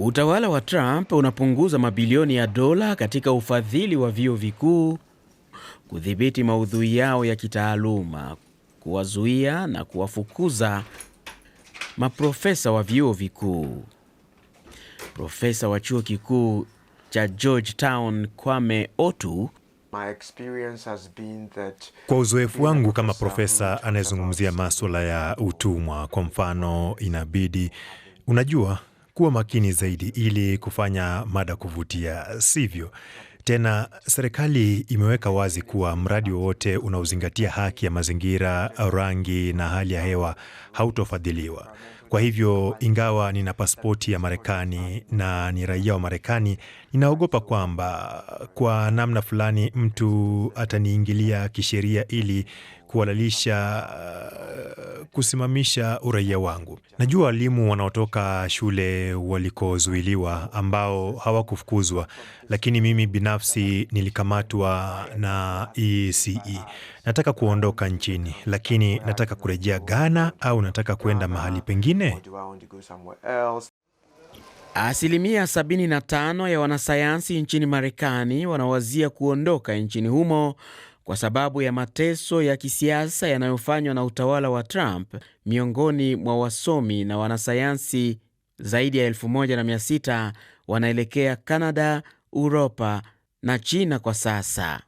Utawala wa Trump unapunguza mabilioni ya dola katika ufadhili wa vyuo vikuu, kudhibiti maudhui yao ya kitaaluma, kuwazuia na kuwafukuza maprofesa wa vyuo vikuu. Profesa wa chuo kikuu cha Georgetown Kwame Otu kwa uzoefu wangu kama profesa anayezungumzia maswala ya utumwa, kwa mfano, inabidi unajua, kuwa makini zaidi ili kufanya mada kuvutia, sivyo? Tena serikali imeweka wazi kuwa mradi wowote unaozingatia haki ya mazingira, rangi na hali ya hewa hautofadhiliwa. Kwa hivyo ingawa nina paspoti ya Marekani na ni raia wa Marekani, ninaogopa kwamba kwa namna fulani mtu ataniingilia kisheria ili kuhalalisha uh, kusimamisha uraia wangu. Najua walimu wanaotoka shule walikozuiliwa ambao hawakufukuzwa, lakini mimi binafsi nilikamatwa na ECE. E. Nataka kuondoka nchini, lakini nataka kurejea Ghana au nataka kwenda mahali pengine mwingine? Asilimia 75 ya wanasayansi nchini Marekani wanawazia kuondoka nchini humo kwa sababu ya mateso ya kisiasa yanayofanywa na utawala wa Trump. Miongoni mwa wasomi na wanasayansi zaidi ya 1600 wanaelekea Kanada, Uropa na China kwa sasa.